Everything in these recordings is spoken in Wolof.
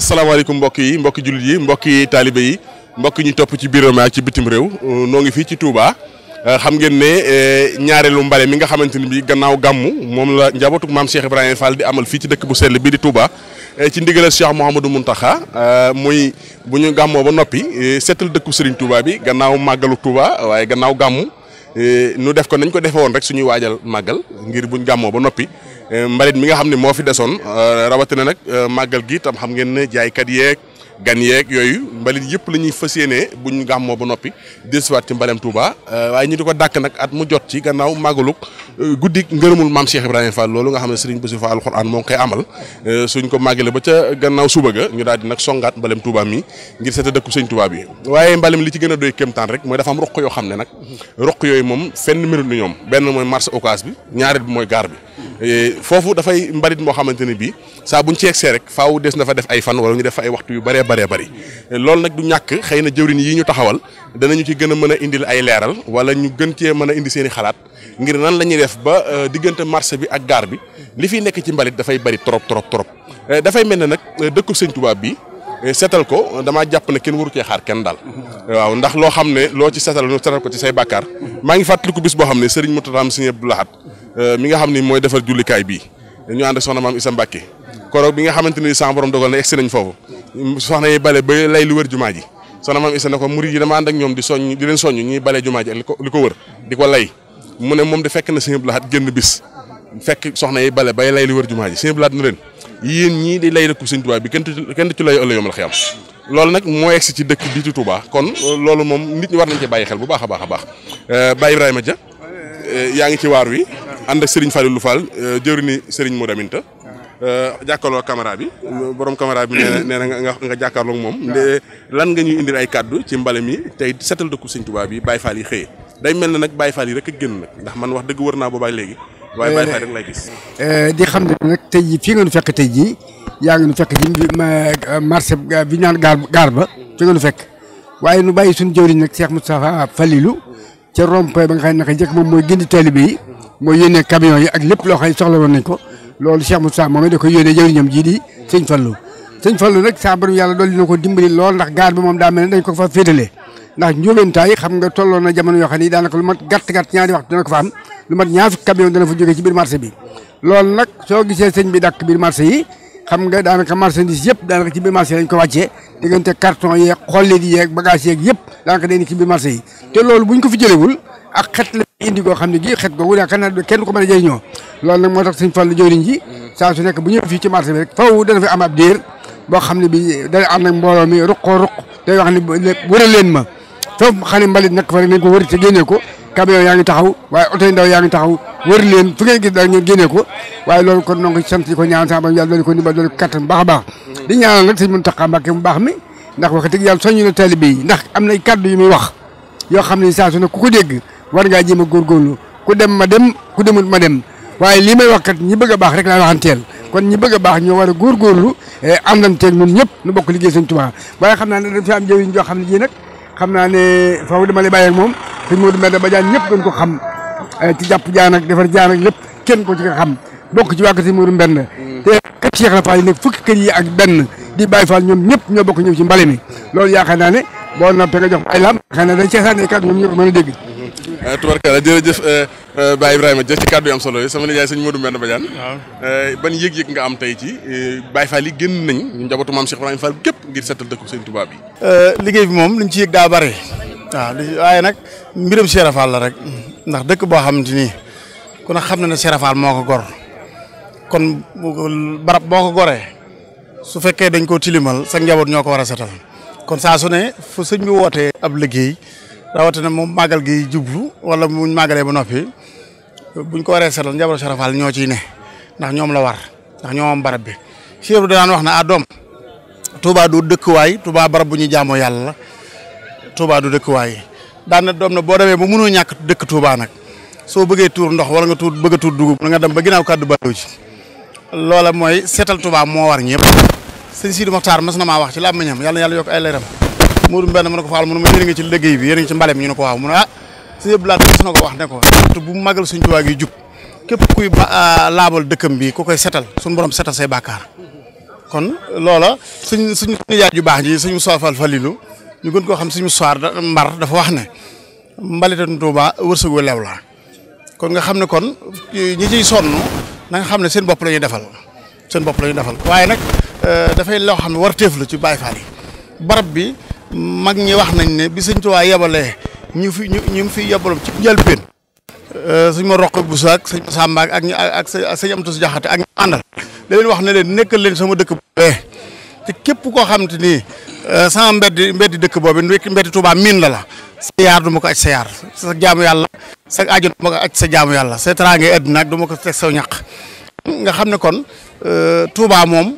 salaamaaleykum mbokk yi mbokki jullit yi mbokki taalibe yi mbokk ñu topp ci biir ak ci bitim réew noo ngi fii ci Touba euh, xam ngeen ne euh, ñaareelu mbale mi nga xamante ni bii gannaaw gàmmu moom la njabootu maam Cheikh Ibrahima Fall di amal fii ci dëkk bu sell bii di Touba. Euh, ci ndigalal Cheikh Mouhamadou taxa muy bu ñu gàmmoo ba noppi seetal dëkku Serigne Touba bi gannaaw màggalu Touba waaye gannaaw gàmmu nu def ko nañ ko defe woon rek suñuy waajal màggal ngir buñ gàmmoo ba noppi. Euh, mbalit mi nga xam ne moo fi desoon euh, rawatina nag euh, màggal gi tam xam ngeen ne jaaykat yeeg gan yeeg yooyu mbalit yëpp la ñuy fas bu buñ gàmmoo ba noppi desuwaat ci mbalem Touba waaye ñu di ko nag at mu jot ci gannaaw màggaluk guddi ngërëmul maam Cheikh Ibrahima Fall loolu nga xam ne Serigne Bassirou moo ngi amal suñ ko màggale ba ca gannaaw suba ga ñu daal di songaat mbalem Touba mi ngir seeta dëkku sëñ Touba bi waaye mbalem li ci gën a doy kéemtaan rek mooy dafa am roq yoo xam ne nag roq yooyu moom fenn mérite ni ñoom benn mooy marché Ocass bi ñaareel bi mooy gaar bi foofu dafay mbalit moo xamante ne bii saa buñ ci egsee rek faaw des na fa def ay fan wala ñu def ay waxtu yu bëree bëree bëri loolu nag du ñàkk xëy na jëwrin yi ñu taxawal danañu ci gën a mën a indil ay leeral wala ñu gën cee mën a indi seen i xalaat ngir nan la ñuy def ba euh, diggante marché bi ak gaar bi li fi nekk ci mbalit dafay bëri trop trop trop dafay mel ne nag euh, dëkku sëñ Tuubaa bi euh, seetal ko damaa jàpp ne kenn waru ceexaar kenn daal waaw ndax loo xam ne loo ci seetal seetal ko ci say bàkkaar maa ngi fàttaliku bis boo xam ne sëriñ Moutaram Sëñ Abdou Lahad Euh, mi nga xam ni mooy defar jullikaay bii ñu ànd soxna maam Issa Mbacke koroog bi nga xamante ni sama borom dogal na egsi nañ foofu soxna yi bale ba lay lu wër jumaa ji soxna maam Issa ne ko murid yi dama ànd ak ñoom di soññ di leen soññ ñuy bale jumaa ji li ko wër di ko lay mu ne moom de fekk na Sëñ Abdou Lahad génn fekk soxna yi bale bay lay lu wër jumaa ji Sëñ Abdou Lahad na leen yéen ñii di lay rek Sëñ Tuubaa bi kenn kenn ci lay ëllë yomal xiyam loolu nag moo egsi ci dëkk bii ci Touba kon loolu moom nit ñi war nañ ci bàyyi xel bu baax a baax a baax euh, Baye Ibrahima Dia euh, yaa ngi ci waar wi ànd ak Serigne Fallou Fall euh, jëwriñu Serigne Modou Aminta euh, jàkkaarloo caméra bi borom caméra bi nee na nga nga moom de lan nga ñuy indi ay kàddu ci mbale mi tey setal dëkku Serigne Touba bi bay Fall yi xëyee day mel na nag bay Fall yi rek a génn nag ndax man wax dëgg wër naa boobaay léegi waaye Baye Fall rek lay gis eh, di xam ne nag tey jii fii nga nu fekk tey jii yaa nga nu fekk ci marché bi ñaan gaar gaar ba fi nga nu fekk waaye nu bàyyi suñu jëwriñ nag Cheikh Moustapha Falilou ca rond-point ba nga xam ne naka njëkk mooy gindi taalibe yi mooy yónnee camion yi ak lépp loo xam soxla woon nañ ko loolu Cheikh Moussa moom it da koy yónnee jëwriñam jii di sëñ Fallou sëñ Fallou nag saa borom yàlla dool dina ko dimbali lool ndax gaar bi moom daa dañ ko fa féetalee ndax njóobentaay xam nga tolloon na jamono yoo xam daanaka lu mat gàtt-gàtt ñaari waxtu dana ko fa lu mat ñaar fukki camion dana fa ci biir marché bi loolu nag soo gisee sëñ bi dàkk biir marché yi xam nga daanaka marchandise yëpp indi ko xam ne gii xet googu yaakaar naa kenn ko mën a jëriñoo loolu nag moo tax suñ fàllu jëriñ ji saa su nekk bu ñëw fii ci marché bi rek faw dana fi am ab diir boo xam ne bi dana ànd ak mbooloo day wax leen ma foofu xam ne mbalit nag fa ko wëri te génnee ko camion yaa taxaw waaye oto yi ndaw yaa ngi taxaw wër leen fu ngeen gis daal ngeen génnee ko waaye loolu kon noo ngi sant di ko ñaan sama yàlla baax a baax di baax mi ndax wax dëgg yàlla soññu na taalibe yi ndax am na kàddu yu muy wax yoo xam ne saa su ne ku ko dégg war ngaa jéem a góorgóorlu ku dem ma dem ku demul ma dem waaye lii may wax kat ñi bëgg a baax rek laay waxanteel kon ñi bëgg a baax ñoo war a góorgóorlu eh, àndanteeg ñun ñëpp nu bokk liggéey Sëñ Tuubaa waaye xam naa ne dafa am jëw yi joo xam ne ji nag xam naa ne faaw dama lay bàyyi ak moom sëñ Modou Mbenda Badiane ñëpp gën ko xam eh, ci jàpp jaan ak defar jaan ak lépp kenn ko ci nga xam bokk ci waa kër moo Modou Mbenda te kër Cheikh la Fall yi nekk fukki kër yi ak benn di Baye Fall ñoom ñëpp ñoo bokk ñëw ci mbale mi loolu yaakaar naa ne boo noppee nga jox ay lam xëy na dañ seetaan ne kat ñoom Eh, tubarkalla jërëjëf eh, eh, Baye Ibrahima jëf ci kàddu yi am solo yi sama nijaay sëñ ban yëg-yëg nga am tey ci Baye yi génn nañ ñu njabootu képp ngir seetal dëkku sëñ Touba liggéey bi moom liñ ci yëg bare waaw waaye nag mbiram Cheikh rek ndax dëkk boo xamante ni ku ne xam na ne Cheikh moo ko gor kon barab boo ko goree su fekkee dañ koo tilimal sa njaboot ñoo ko war a setal kon saa su ne fu sëñ bi wootee ab liggéey rawatina moom màggal gi jublu wala muñ màggalee ba noppi buñ ko waree seetal njabootu Cheikh Fall ñoo ciy ne ndax ñoom la war ndax ñoom barab bi Cheikh bi daan wax na ah doom Touba du dëkkuwaay Touba barab bu ñuy jaamoo yàlla la Touba du dëkkuwaay daan na doom na boo demee ba munoo ñàkk dëkk tuubaa nag soo bëggee tuur ndox wala nga tuur bëgg a tuur dugub nga dem ba ginnaaw kàddu baalu ji loola mooy seetal Touba moo war ñëpp sëñ Sidi Mokhtar mas na maa wax ci làmmiñam yàlla yàlla yokk ay leeram Modou Mbène mu ne ko faal mu ma yéen a ngi ci liggéey bi yéen ci mbale mi ñu ne ko waaw mu ne ah sëñ Abdou Lahad mos na ko wax ne ko te bu magal suñ tubaab yi jub képp kuy ba ah, laabal dëkkam bi ku koy setal suñu borom setal say bàkkaar kon loola suñ suñ yaay ju baax ji suñu soofal falilu ñu gën koo xam suñu soir mbar dafa wax ne mbalitan Tuuba wërsëgu lew la kon nga xam ne kon ñi ciy sonn na nga xam ne seen bopp la ñuy defal seen bopp la defal waaye nag eh, dafay loo xam ne warteef la ci Baay Faal yi barab bi mag ñi wax nañ ne bi sëñ Tuubaa yebalee ñu fi ñu ñu fi yebaloon ci njëlbéen euh, suñ ma roq bu saak sëñ Samba ak ñu ak sëñ Amtus Jaxate ak ñu àndal leen wax na leen nekkal leen sama dëkk boobee te képp koo xam te ni euh, sama mbedd mbedd dëkk boobu mbedd Tuubaa miin la la sa yaar du ko aj sa yaar sa jaamu yàlla sa aajo du ma ko aj sa jaamu yàlla sa teraange àddina ak ko teg sa ñaq nga xam ne kon euh, Tuubaa moom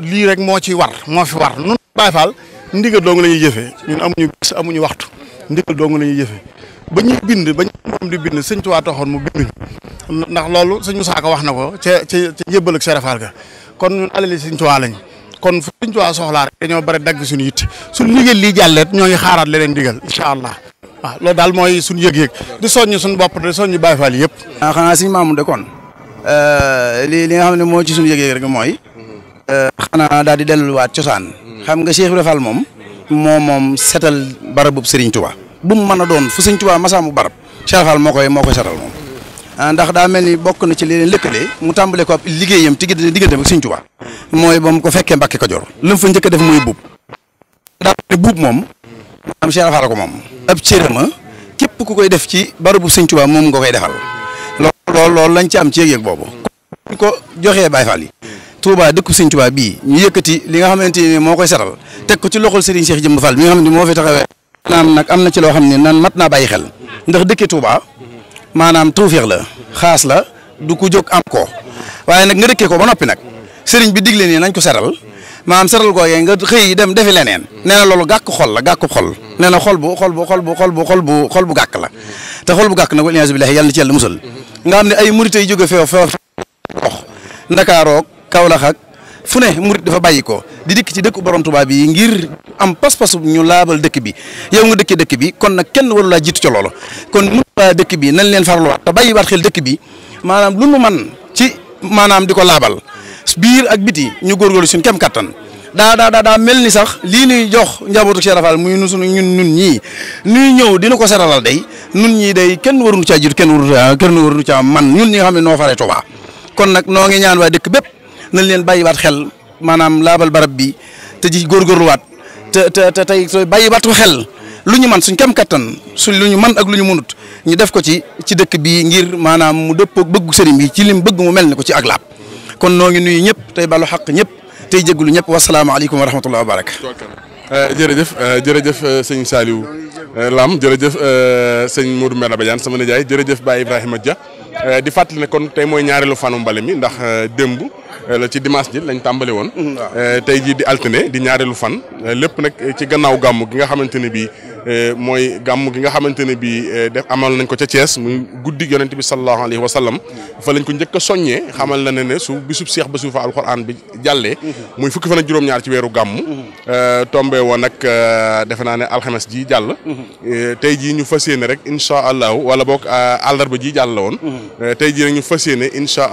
lii rek moo ci war moo fi war nun Baay Faal ndigal dong la ñuy jëfee ñun amuñu bis amuñu waxtu ndigal dong lañuy ñuy jëfee ba ñuy bind ba ñu moom di bind sëñ Tuubaa taxoon mu binduñ ndax loolu sëñ Musaa Ka wax na ko ca ca ca njëbbal ak serafal ga kon ñun alali sëñ Tuubaa lañ kon fu sëñ Tuubaa soxlaa rek dañoo bare dagg suñu yitte suñu ndigal lii jàlleet ñoo ngi xaaraat leneen ndigal incha allah waaw loolu daal mooy suñu yëg-yëg di soññ suñu bopp di soññ Baay Faal yëpp. Ah, xanaa suñu maamu de kon euh, li li nga xam ne moo ci suñu yëg-yëg mooy euh, xanaa daal di delluwaat cosaan xam nga Cheikh Ibra Fall moom moo moom setal barabub Serigne bu mu mën a doon fu Serigne Touba masaamu barab Cheikh Fall koy moo koy setal moom. Ah, ndax daa mel ni bokk na ci li lëkkalee mu tàmbale ko liggéeyam ci diggante ak Serigne mooy ba ko fekkee Mbàkke Kajoor lam fa njëkk a def mooy buub buub moom am ko moom ab cërëma képp ku koy def ci barabub Serigne Touba moom nga koy defal lool lool loolu lañ ci am ci yëg-yëg boobu ko joxe Baye Fall yi Touba dëkku Sëñ Touba bii ñu yëkkati li nga xamante ne moo koy saral teg ko ci loxol Serigne Cheikh Jëmb Fall mi nga xam ne moo fi taxawee. naam am na ci loo xam ne nan mat naa bàyyi xel ndax dëkki Touba maanaam tawféex la xaas la du ko jóg am ko waaye nag nga dëkkee ko ba noppi nag Serigne bi digle nii nañ ko saral maanaam saral googee nga xëy dem defi leneen nee na loolu gàkk xol la gàkk xol nee na xol bu xol bu xol bu xol bu xol bu xol bu gàkk la te xol bu gàkk nag wal iyaazu billaahi na ci yàlla musal nga xam ne ay murit yi jóge feew feew ndox ndakaaroog Kaolack ak fu ne murit dafa bàyyi ko di dikk ci dëkku borom Tuubaa bi ngir am pas-pasu ñu laabal dëkk bi yow nga dëkkee dëkk bi kon nag kenn waru laa jiitu ca loolu kon mun waa bi nañ leen farluwaat te bàyyi waat xel dëkk bi maanaam lu mu man maanaam di ko laabal biir ak biti ñu góorgóorlu suñ kem kattan daa daa daa mel ni sax lii nuy jox njabootu Cheikh Rafal muy nu sunu ñun ñun ñii nuy ñëw dina ko seralal day ñun ñii day kenn waruñu caa jiitu kenn waruñu kenn waruñu caa man ñun ñi nga xam ne noo faree Tuubaa kon nag noo ngi ñaan dëkk bépp nañ leen bàyyiwaat xel maanaam laabal barab bi te ji góorgóorluwaat te te te tey sooy bàyyiwaat ko xel lu ñu man suñ kam kattan suñ lu ñu man ak lu ñu mënut ñu def ko ci ci dëkk bi ngir maanaam mu dëppoo bëggu sëriñ bi ci lim bëgg mu mel ni ko ci ak laab kon noo ngi nuyu ñëpp tey balo xaq ñëpp tey jégalu ñëpp wasalaamaaleykum wa rahmatulah wa baraka. Eh, jërëjëf eh, jërëjëf eh, sëñ Saliou Lam jërëjëf sëñ Modou Mbène Badiane sama nijaay jërëjëf Baye Ibrahima Dia di fàttali ne kon tey mooy ñaareelu fanu mbale mi ndax démb. Euh, ci dimanche ji lañ tàmbali woon. Euh, tey jii di altine di ñaareelu fan. Euh, lépp nag ci gannaaw gàmm gi nga xamante ne bii mooy gàmm gi nga xamante ne bii def amal nañ ko ca Thiès muy guddi yonent bi sallallahu alayhi wa sallam. fa lañ ko njëkk a soññee xamal na ne ne su bisub seex ba suufa alxuraan bi jàllee. muy fukki fan ak juróom-ñaar ci weeru gàmm. tombé woon nag defe naa ne alxames ji jàll. tey jii ñu fas yéene rek incha allahu wala boog àllarba ji jàll la woon. Mm-hmm. tey jii ñu fas yéene incha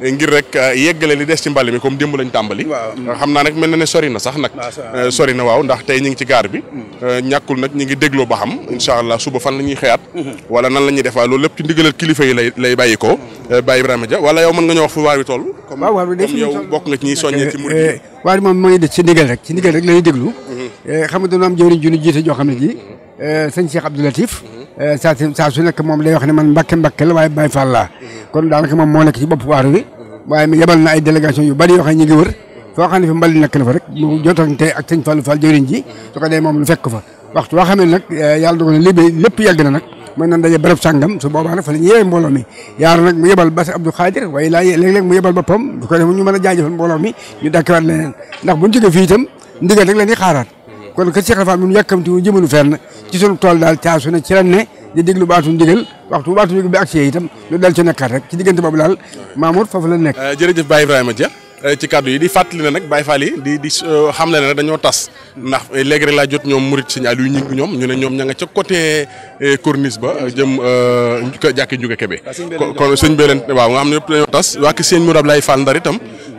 ngir rek euh, yeggale li des ci mbali mi comme démb lañ tàmbali. Euh, xam naa nag mel na ne sori na sax nag. Euh, sori na waaw ndax tey ñu ngi ci gaar bi. Mm. ñàkkul nag ñu ngi dégloo ba xam incha allah suba fan la ñuy xëyaat. Mm-hmm. wala nan la ñuy defaa loolu lépp ci ndigalal kilifa yi lay bàyyi ko. Mm. Baye Ibrahima Dia wala yow mën nga ñoo wax fu waar wi toll. waaw waar wi de yow bokk nga ci soññee ci murid yi. waar moom moo ngi ci ndigal rek ci ndigal rek la ñuy déglu. Mm-hmm. xam nga dañoo am jëwriñ ju ñu jiite joo Eh, saa si saa su nekk moom day wax ne man mbàkke mbàkke la waaye Baye Fall laa kon daanaka moom moo nekk ci bopp waar bi waaye mi yebal na ay délégation yu bari yoo xam ne ñu ngi wër foo xam ne fi mbali nekk na fa rek mu jotante ak sëñ Fallou Fall jëriñ ji su ko dee moom lu fekk fa waxtu waa xam ne nag eh, yàlla dogal na lépp lépp na nag mën nañ daje barab sàngam su boobaa nag la ñu yeewee mbooloo mi yaar nag mu yebal Bass Abdou Khadir waaye laa léeg yebal boppam su ñu mën a jaajëfal mbooloo mi ñu dakkiwaat leneen ndax buñ jógee fii itam ndigal kon ka Cheikh Rafaal ñun yàkkamti wu jëmalu fenn ci sunu tool daal caasu ne ci ren ne di déglu baatu ndigal waxtu baatu ndigal bi ak si itam loolu daal ci nekkaat rek ci diggante boobu daal Mamour foofu la nekk. Euh, jërëjëf Baye Ibrahima Dia euh, ci kaddu yi di fàttali ne nag Baye di di euh, xam le ne dañoo tas ndax léegi laa jot ñoom murit Sëñ Aliou ñing ñoom ñu ne ñoom ña nga ca côté corniche ba jëm jàkki jóge Kébé ah, kon sëñ bi leen waaw yëpp dañoo tas waa ki sëñ Mourab Laye Fall Ndar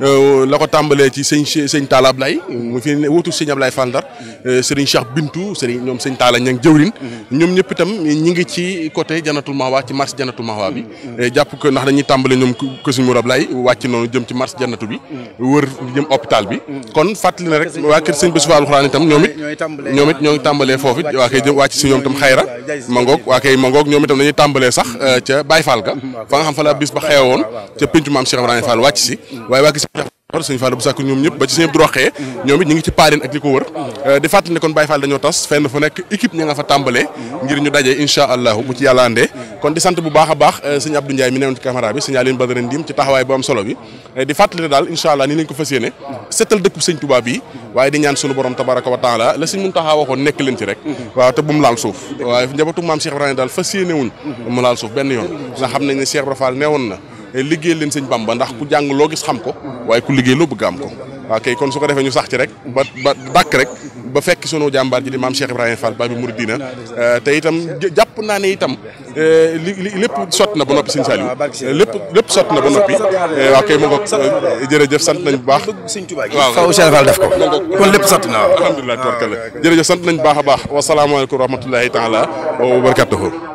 Euh, la ko tàmbalee ci sëñ sëñ Talla Ablaye mu fi wutu sëñ Ablaye Fall Ndar euh, sëriñ Cheikh Bintu sëriñ ñoom sëñ Talla ña ngi jëwrin ñoom ñëpp itam ñi ngi ci côté Janatul Mahwa ci marché Janatul Mahwa bi euh, jàpp que ndax dañuy tàmbale ñoom ko sëñ Mour Ablaye wàcc noonu jëm ci marché Janatu bi wër jëm hôpital bi kon fàttali na rek waa kër sëñ Bassirou Fall Alxuraan itam ñoom it ñoom ñoo ngi tàmbalee foofu it waa kay wàcc si ñoom tam xayra mangoog waa kay mangoog ñoom itam dañuy tàmbalee sax ca Baye Fall ga fa nga xam fa la bis ba xewoon ca péncu maam Cheikh Ibrahima Fall wàcc Fall sëñ bu sàkk ñoom ñëpp ba ci sëñ Abdou Roxee ñu ngi ci paareen ak li ko wër euh, di fàttali kon Baye Fall dañoo tas fenn fu nekk équipe ña nga fa tàmbalee ngir ñu dajee incha allahu bu ci yàlla andee kon di sant bu baax a baax euh, sëñ Abdou Ndiaye mi newoon ci caméra bi sëñ Aline Badara Ndim ci taxawaay bu am solo bi euh, di fàttali ne daal incha allah nii lañ ko fas yéene setal dëkk sëñ Touba bi waaye di ñaan sunu borom tabaraka wa taala la sëñ Muntaxa waxoon nekk leen ci rek waaw te bu mu laal suuf waaye njabootu benn yoon ndax xam nañ ne Cheikh na Eh, liggéey leen baam ba ndax ku jàng loo gis xam ko waaye ku liggéey loo bëgg am ko waaw kay kon su ko defee ñu sax ci rek ba ba dàkk rek ba fekk sunu jàmbaar ji di maam Cheikh bi Fall Babi Mouridina eh, te itam jàpp naa ne itam eh, li lépp sot na ba noppi sëñ Saliou ah, lépp lépp sot na ba noppi waaw kay ma ngoog jërëjëf sant nañ bu baax a faw Cheikh Fall def ko kon lépp sot na alhamdulilah tubarkalla jërëjëf sant nañ bu baax a baax wasalaamaaleykum wa rahmatulahi taala wa barakatuhu